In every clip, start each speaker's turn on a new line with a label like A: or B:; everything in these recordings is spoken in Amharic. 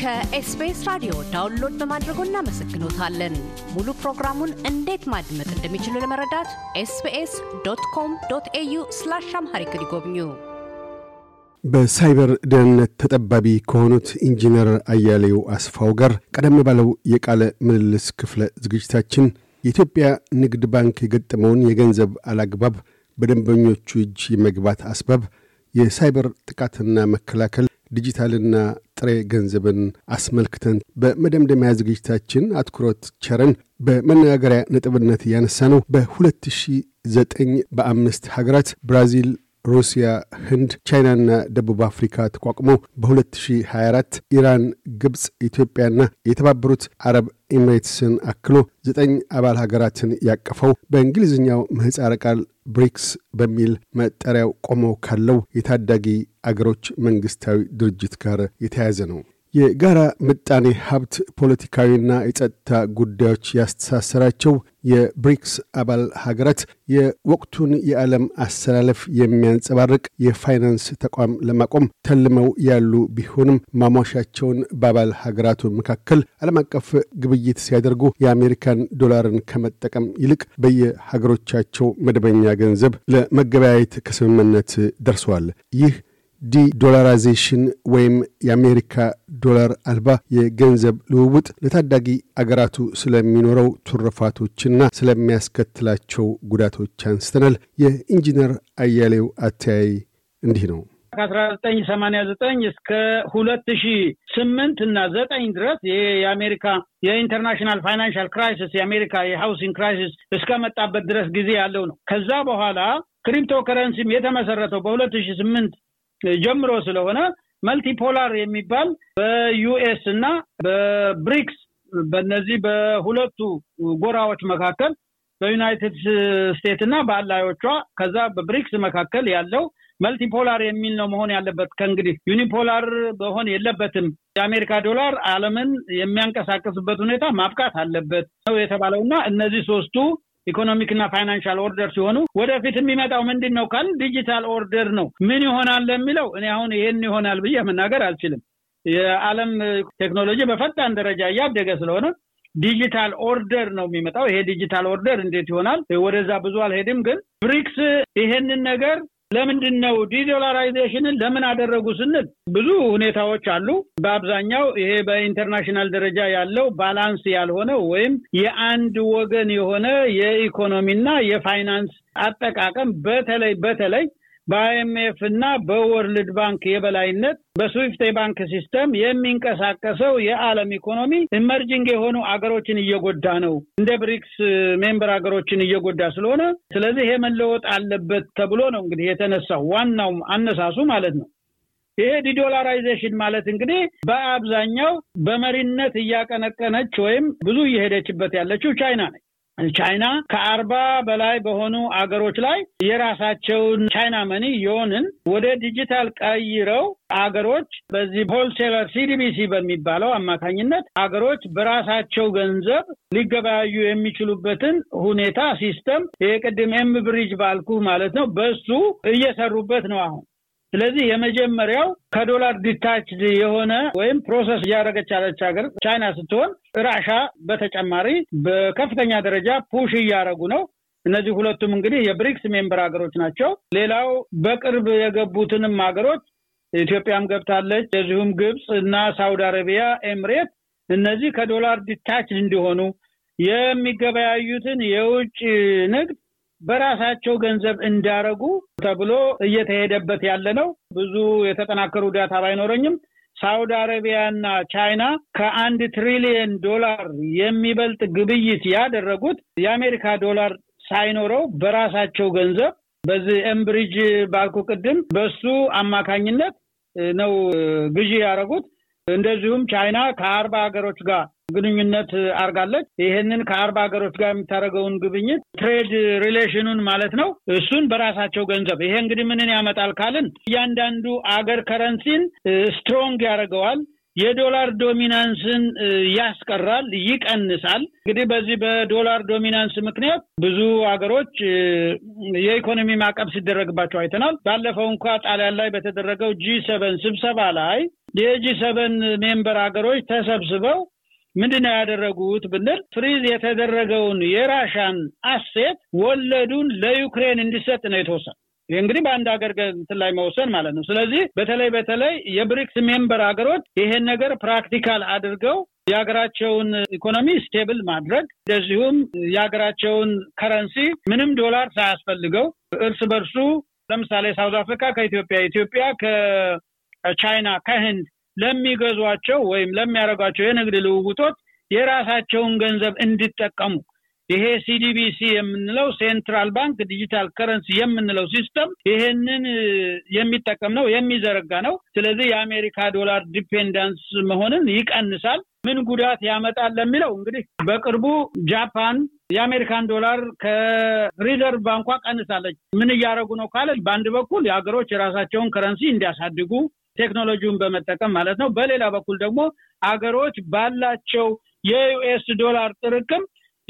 A: ከኤስቢኤስ ራዲዮ ዳውንሎድ በማድረጎ እናመሰግኖታለን። ሙሉ ፕሮግራሙን እንዴት ማድመጥ እንደሚችሉ ለመረዳት ኤስቢኤስ ዶት ኮም ዶት ኤዩ ስላሽ አምሃሪክ ይጎብኙ።
B: በሳይበር ደህንነት ተጠባቢ ከሆኑት ኢንጂነር አያሌው አስፋው ጋር ቀደም ባለው የቃለ ምልልስ ክፍለ ዝግጅታችን የኢትዮጵያ ንግድ ባንክ የገጠመውን የገንዘብ አላግባብ በደንበኞቹ እጅ የመግባት አስባብ፣ የሳይበር ጥቃትና መከላከል፣ ዲጂታልና ጥሬ ገንዘብን አስመልክተን በመደምደሚያ ዝግጅታችን አትኩሮት ቸረን በመነጋገሪያ ነጥብነት እያነሳ ነው። በ2009 በአምስት ሀገራት ብራዚል፣ ሩሲያ፣ ህንድ፣ ቻይናና ደቡብ አፍሪካ ተቋቁሞ በ2024 ኢራን፣ ግብፅ፣ ኢትዮጵያና የተባበሩት አረብ ኤምሬትስን አክሎ ዘጠኝ አባል ሀገራትን ያቀፈው በእንግሊዝኛው ምህፃረ ቃል ብሪክስ በሚል መጠሪያው ቆሞ ካለው የታዳጊ አገሮች መንግስታዊ ድርጅት ጋር የተያያዘ ነው። የጋራ ምጣኔ ሀብት ፖለቲካዊና የጸጥታ ጉዳዮች ያስተሳሰራቸው የብሪክስ አባል ሀገራት የወቅቱን የዓለም አሰላለፍ የሚያንጸባርቅ የፋይናንስ ተቋም ለማቆም ተልመው ያሉ ቢሆንም ማሟሻቸውን በአባል ሀገራቱ መካከል ዓለም አቀፍ ግብይት ሲያደርጉ የአሜሪካን ዶላርን ከመጠቀም ይልቅ በየሀገሮቻቸው መደበኛ ገንዘብ ለመገበያየት ከስምምነት ደርሰዋል። ይህ ዲዶላራይዜሽን ወይም የአሜሪካ ዶላር አልባ የገንዘብ ልውውጥ ለታዳጊ አገራቱ ስለሚኖረው ቱርፋቶችና ስለሚያስከትላቸው ጉዳቶች አንስተናል። የኢንጂነር አያሌው አተያይ እንዲህ ነው።
A: ከአስራ ዘጠኝ ዘጠኝ እስከ ሁለት ሺ ስምንት እና ዘጠኝ ድረስ ይሄ የአሜሪካ የኢንተርናሽናል ፋይናንሻል ክራይሲስ የአሜሪካ የሃውሲንግ ክራይሲስ እስከመጣበት ድረስ ጊዜ ያለው ነው። ከዛ በኋላ ክሪፕቶ ከረንሲም የተመሰረተው በሁለት ሺ ስምንት ጀምሮ ስለሆነ መልቲፖላር የሚባል በዩኤስ እና በብሪክስ በነዚህ በሁለቱ ጎራዎች መካከል በዩናይትድ ስቴትስ እና በአላዮቿ ከዛ በብሪክስ መካከል ያለው መልቲፖላር የሚል ነው መሆን ያለበት። ከእንግዲህ ዩኒፖላር በሆን የለበትም። የአሜሪካ ዶላር አለምን የሚያንቀሳቀስበት ሁኔታ ማብቃት አለበት ነው የተባለው እና እነዚህ ሶስቱ ኢኮኖሚክና ፋይናንሻል ኦርደር ሲሆኑ ወደፊት የሚመጣው ምንድን ነው ካል ዲጂታል ኦርደር ነው። ምን ይሆናል ለሚለው እኔ አሁን ይሄን ይሆናል ብዬ መናገር አልችልም። የዓለም ቴክኖሎጂ በፈጣን ደረጃ እያደገ ስለሆነ ዲጂታል ኦርደር ነው የሚመጣው። ይሄ ዲጂታል ኦርደር እንዴት ይሆናል? ወደዛ ብዙ አልሄድም፣ ግን ብሪክስ ይሄንን ነገር ለምንድን ነው ዲዶላራይዜሽንን ለምን አደረጉ ስንል ብዙ ሁኔታዎች አሉ። በአብዛኛው ይሄ በኢንተርናሽናል ደረጃ ያለው ባላንስ ያልሆነ ወይም የአንድ ወገን የሆነ የኢኮኖሚና የፋይናንስ አጠቃቀም በተለይ በተለይ በአይኤምኤፍ እና በወርልድ ባንክ የበላይነት በስዊፍት የባንክ ሲስተም የሚንቀሳቀሰው የዓለም ኢኮኖሚ ኢመርጂንግ የሆኑ አገሮችን እየጎዳ ነው፣ እንደ ብሪክስ ሜምበር አገሮችን እየጎዳ ስለሆነ ስለዚህ ይሄ መለወጥ አለበት ተብሎ ነው እንግዲህ የተነሳው ዋናው አነሳሱ ማለት ነው። ይሄ ዲዶላራይዜሽን ማለት እንግዲህ በአብዛኛው በመሪነት እያቀነቀነች ወይም ብዙ እየሄደችበት ያለችው ቻይና ነች። ቻይና ከአርባ በላይ በሆኑ አገሮች ላይ የራሳቸውን ቻይና መኒ የሆንን ወደ ዲጂታል ቀይረው አገሮች በዚህ ሆልሴለር ሲዲቢሲ በሚባለው አማካኝነት አገሮች በራሳቸው ገንዘብ ሊገበያዩ የሚችሉበትን ሁኔታ ሲስተም የቅድም ኤም ብሪጅ ባልኩ ማለት ነው። በሱ እየሰሩበት ነው አሁን ስለዚህ የመጀመሪያው ከዶላር ዲታችድ የሆነ ወይም ፕሮሰስ እያደረገች ያለች ሀገር ቻይና ስትሆን ራሻ በተጨማሪ በከፍተኛ ደረጃ ፑሽ እያደረጉ ነው። እነዚህ ሁለቱም እንግዲህ የብሪክስ ሜምበር ሀገሮች ናቸው። ሌላው በቅርብ የገቡትንም ሀገሮች ኢትዮጵያም ገብታለች፣ የዚሁም ግብፅ እና ሳውዲ አረቢያ፣ ኤምሬት እነዚህ ከዶላር ዲታች እንዲሆኑ የሚገበያዩትን የውጭ ንግድ በራሳቸው ገንዘብ እንዳረጉ ተብሎ እየተሄደበት ያለ ነው። ብዙ የተጠናከሩ ዳታ ባይኖረኝም ሳውዲ አረቢያና ቻይና ከአንድ ትሪሊየን ዶላር የሚበልጥ ግብይት ያደረጉት የአሜሪካ ዶላር ሳይኖረው በራሳቸው ገንዘብ በዚህ ኤምብሪጅ ባልኩ ቅድም በሱ አማካኝነት ነው ግዢ ያደረጉት። እንደዚሁም ቻይና ከአርባ ሀገሮች ጋር ግንኙነት አርጋለች። ይህንን ከአርባ ሀገሮች ጋር የምታደርገውን ግብኝት ትሬድ ሪሌሽኑን ማለት ነው እሱን በራሳቸው ገንዘብ ይሄ እንግዲህ ምንን ያመጣል ካልን እያንዳንዱ አገር ከረንሲን ስትሮንግ ያደርገዋል። የዶላር ዶሚናንስን ያስቀራል፣ ይቀንሳል። እንግዲህ በዚህ በዶላር ዶሚናንስ ምክንያት ብዙ ሀገሮች የኢኮኖሚ ማዕቀብ ሲደረግባቸው አይተናል። ባለፈው እንኳ ጣሊያን ላይ በተደረገው ጂ ሰቨን ስብሰባ ላይ የጂ ሰበን ሜምበር ሀገሮች ተሰብስበው ምንድን ያደረጉት ብንል ፍሪዝ የተደረገውን የራሻን አሴት ወለዱን ለዩክሬን እንዲሰጥ ነው የተወሰነ። ይህ እንግዲህ በአንድ ሀገር እንትን ላይ መወሰን ማለት ነው። ስለዚህ በተለይ በተለይ የብሪክስ ሜምበር ሀገሮች ይሄን ነገር ፕራክቲካል አድርገው የሀገራቸውን ኢኮኖሚ ስቴብል ማድረግ እንደዚሁም የሀገራቸውን ከረንሲ ምንም ዶላር ሳያስፈልገው እርስ በርሱ ለምሳሌ ሳውዝ አፍሪካ ከኢትዮጵያ ኢትዮጵያ ከቻይና ከህንድ ለሚገዟቸው ወይም ለሚያደርጓቸው የንግድ ልውውጦች የራሳቸውን ገንዘብ እንዲጠቀሙ ይሄ ሲዲቢሲ የምንለው ሴንትራል ባንክ ዲጂታል ከረንሲ የምንለው ሲስተም ይሄንን የሚጠቀም ነው የሚዘረጋ ነው። ስለዚህ የአሜሪካ ዶላር ዲፔንዳንስ መሆንን ይቀንሳል። ምን ጉዳት ያመጣል ለሚለው እንግዲህ በቅርቡ ጃፓን የአሜሪካን ዶላር ከሪዘርቭ ባንኳ ቀንሳለች። ምን እያደረጉ ነው ካለ በአንድ በኩል የሀገሮች የራሳቸውን ከረንሲ እንዲያሳድጉ ቴክኖሎጂውን በመጠቀም ማለት ነው። በሌላ በኩል ደግሞ አገሮች ባላቸው የዩኤስ ዶላር ጥርቅም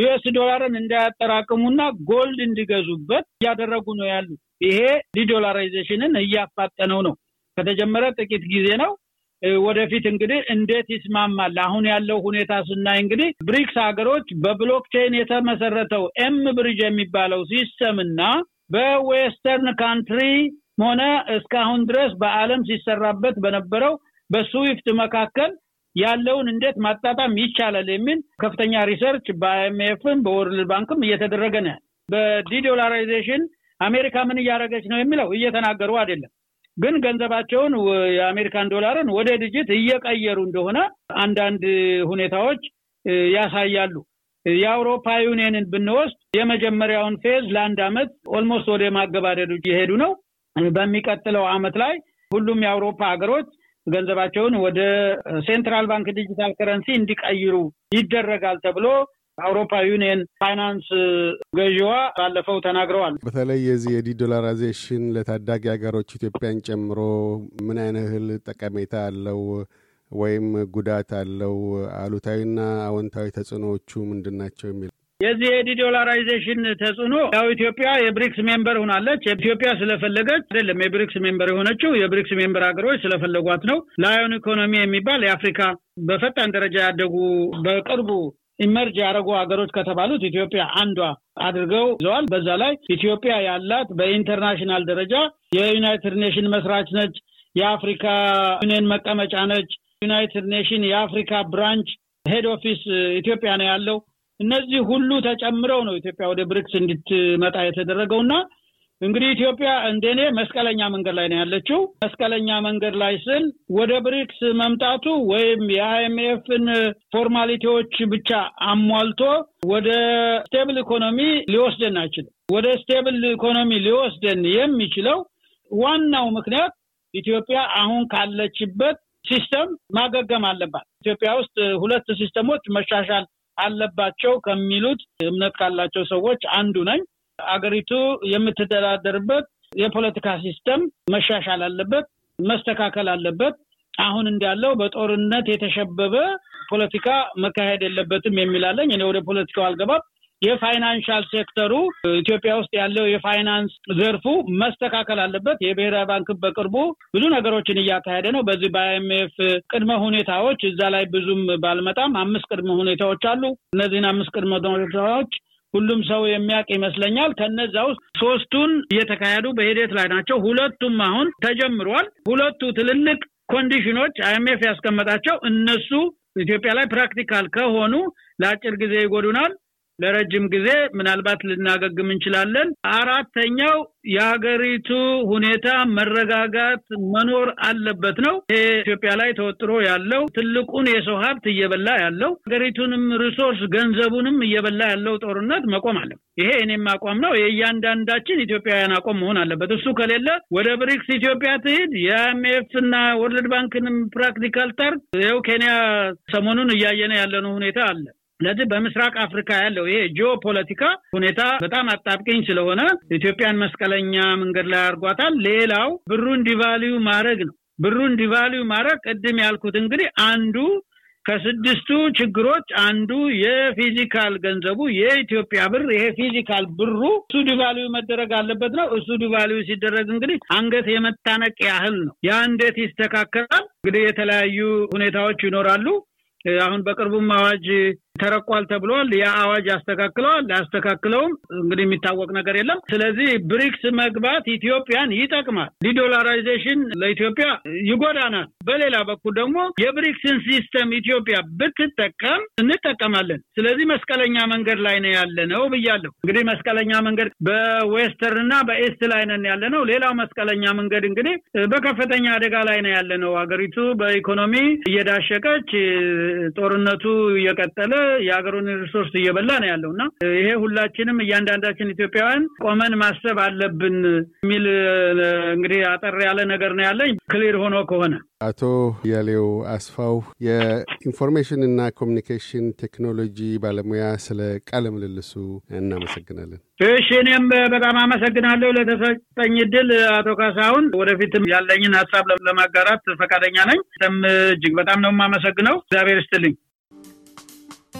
A: ዩኤስ ዶላርን እንዳያጠራቅሙና ጎልድ እንዲገዙበት እያደረጉ ነው ያሉ። ይሄ ዲዶላራይዜሽንን እያፋጠነው ነው። ከተጀመረ ጥቂት ጊዜ ነው። ወደፊት እንግዲህ እንዴት ይስማማል? አሁን ያለው ሁኔታ ስናይ እንግዲህ ብሪክስ ሀገሮች በብሎክቼን የተመሰረተው ኤም ብሪጅ የሚባለው ሲስተም እና በዌስተርን ካንትሪ ሆነ እስካሁን ድረስ በአለም ሲሰራበት በነበረው በስዊፍት መካከል ያለውን እንዴት ማጣጣም ይቻላል የሚል ከፍተኛ ሪሰርች በአይምኤፍም በወርልድ ባንክም እየተደረገ ነው። በዲዶላራይዜሽን አሜሪካ ምን እያደረገች ነው የሚለው እየተናገሩ አይደለም፣ ግን ገንዘባቸውን የአሜሪካን ዶላርን ወደ ድጅት እየቀየሩ እንደሆነ አንዳንድ ሁኔታዎች ያሳያሉ። የአውሮፓ ዩኒየንን ብንወስድ የመጀመሪያውን ፌዝ ለአንድ አመት ኦልሞስት ወደ ማገባደዱ እየሄዱ ነው። በሚቀጥለው አመት ላይ ሁሉም የአውሮፓ ሀገሮች ገንዘባቸውን ወደ ሴንትራል ባንክ ዲጂታል ከረንሲ እንዲቀይሩ ይደረጋል ተብሎ አውሮፓ ዩኒየን ፋይናንስ ገዢዋ ባለፈው ተናግረዋል።
B: በተለይ የዚህ የዲዶላራይዜሽን ለታዳጊ ሀገሮች ኢትዮጵያን ጨምሮ ምን አይነ እህል ጠቀሜታ አለው ወይም ጉዳት አለው? አሉታዊና አዎንታዊ ተጽዕኖዎቹ ምንድን ናቸው? የሚል
A: የዚህ የዲዶላራይዜሽን ተጽዕኖ ያው ኢትዮጵያ የብሪክስ ሜምበር ሆናለች። ኢትዮጵያ ስለፈለገች አይደለም የብሪክስ ሜምበር የሆነችው የብሪክስ ሜምበር ሀገሮች ስለፈለጓት ነው። ላዮን ኢኮኖሚ የሚባል የአፍሪካ በፈጣን ደረጃ ያደጉ በቅርቡ ኢመርጅ ያደረጉ ሀገሮች ከተባሉት ኢትዮጵያ አንዷ አድርገው ይዘዋል። በዛ ላይ ኢትዮጵያ ያላት በኢንተርናሽናል ደረጃ የዩናይትድ ኔሽን መስራች ነች። የአፍሪካ ዩኒየን መቀመጫ ነች። ዩናይትድ ኔሽን የአፍሪካ ብራንች ሄድ ኦፊስ ኢትዮጵያ ነው ያለው። እነዚህ ሁሉ ተጨምረው ነው ኢትዮጵያ ወደ ብሪክስ እንድትመጣ የተደረገው እና እንግዲህ ኢትዮጵያ እንደኔ መስቀለኛ መንገድ ላይ ነው ያለችው። መስቀለኛ መንገድ ላይ ስል ወደ ብሪክስ መምጣቱ ወይም የአይኤምኤፍን ፎርማሊቲዎች ብቻ አሟልቶ ወደ ስቴብል ኢኮኖሚ ሊወስደን አይችልም። ወደ ስቴብል ኢኮኖሚ ሊወስደን የሚችለው ዋናው ምክንያት ኢትዮጵያ አሁን ካለችበት ሲስተም ማገገም አለባት። ኢትዮጵያ ውስጥ ሁለት ሲስተሞች መሻሻል አለባቸው ከሚሉት እምነት ካላቸው ሰዎች አንዱ ነኝ። አገሪቱ የምትደራደርበት የፖለቲካ ሲስተም መሻሻል አለበት፣ መስተካከል አለበት። አሁን እንዳለው በጦርነት የተሸበበ ፖለቲካ መካሄድ የለበትም የሚላለኝ እኔ ወደ ፖለቲካው አልገባም። የፋይናንሻል ሴክተሩ ኢትዮጵያ ውስጥ ያለው የፋይናንስ ዘርፉ መስተካከል አለበት። የብሔራዊ ባንክ በቅርቡ ብዙ ነገሮችን እያካሄደ ነው። በዚህ በአይኤምኤፍ ቅድመ ሁኔታዎች እዛ ላይ ብዙም ባልመጣም አምስት ቅድመ ሁኔታዎች አሉ። እነዚህን አምስት ቅድመ ሁኔታዎች ሁሉም ሰው የሚያውቅ ይመስለኛል። ከነዛ ውስጥ ሶስቱን እየተካሄዱ በሂደት ላይ ናቸው። ሁለቱም አሁን ተጀምሯል። ሁለቱ ትልልቅ ኮንዲሽኖች አይኤምኤፍ ያስቀመጣቸው እነሱ ኢትዮጵያ ላይ ፕራክቲካል ከሆኑ ለአጭር ጊዜ ይጎዱናል ለረጅም ጊዜ ምናልባት ልናገግም እንችላለን። አራተኛው የሀገሪቱ ሁኔታ መረጋጋት መኖር አለበት ነው። ይሄ ኢትዮጵያ ላይ ተወጥሮ ያለው ትልቁን የሰው ሀብት እየበላ ያለው ሀገሪቱንም ሪሶርስ ገንዘቡንም እየበላ ያለው ጦርነት መቆም አለ። ይሄ እኔም አቋም ነው። የእያንዳንዳችን ኢትዮጵያውያን አቋም መሆን አለበት። እሱ ከሌለ ወደ ብሪክስ ኢትዮጵያ ትሂድ፣ የአይኤምኤፍ እና ወርልድ ባንክንም ፕራክቲካል ጠርግ ይኸው ኬንያ ሰሞኑን እያየነ ያለነው ሁኔታ አለ። ስለዚህ በምስራቅ አፍሪካ ያለው ይሄ ጂኦ ፖለቲካ ሁኔታ በጣም አጣብቀኝ ስለሆነ ኢትዮጵያን መስቀለኛ መንገድ ላይ አርጓታል ሌላው ብሩን ዲቫልዩ ማድረግ ነው። ብሩን ዲቫልዩ ማድረግ ቅድም ያልኩት እንግዲህ አንዱ ከስድስቱ ችግሮች አንዱ የፊዚካል ገንዘቡ የኢትዮጵያ ብር ይሄ ፊዚካል ብሩ እሱ ዲቫልዩ መደረግ አለበት ነው። እሱ ዲቫልዩ ሲደረግ እንግዲህ አንገት የመታነቅ ያህል ነው። ያ እንዴት ይስተካከላል? እንግዲህ የተለያዩ ሁኔታዎች ይኖራሉ። አሁን በቅርቡም አዋጅ ተረቋል ተብሏል። ያ አዋጅ ያስተካክለዋል ያስተካክለውም እንግዲህ የሚታወቅ ነገር የለም። ስለዚህ ብሪክስ መግባት ኢትዮጵያን ይጠቅማል። ዲዶላራይዜሽን ለኢትዮጵያ ይጎዳናል። በሌላ በኩል ደግሞ የብሪክስን ሲስተም ኢትዮጵያ ብትጠቀም እንጠቀማለን። ስለዚህ መስቀለኛ መንገድ ላይ ነው ያለ ነው ብያለሁ። እንግዲህ መስቀለኛ መንገድ በዌስተርን እና በኤስት ላይ ነን ያለ ነው። ሌላው መስቀለኛ መንገድ እንግዲህ በከፍተኛ አደጋ ላይ ነው ያለ ነው። ሀገሪቱ በኢኮኖሚ እየዳሸቀች ጦርነቱ እየቀጠለ የሀገሩን ሪሶርስ እየበላ ነው ያለው እና ይሄ ሁላችንም እያንዳንዳችን ኢትዮጵያውያን ቆመን ማሰብ አለብን የሚል እንግዲህ አጠር ያለ ነገር ነው ያለኝ ክሊር ሆኖ ከሆነ
B: አቶ ያሌው አስፋው የኢንፎርሜሽን እና ኮሚኒኬሽን ቴክኖሎጂ ባለሙያ ስለ ቃለ ምልልሱ እናመሰግናለን።
A: እሺ፣ እኔም በጣም አመሰግናለሁ ለተሰጠኝ እድል አቶ ካሳሁን። ወደፊትም ያለኝን ሀሳብ ለማጋራት ፈቃደኛ ነኝ። እጅግ በጣም ነው የማመሰግነው። እግዚአብሔር ይስጥልኝ።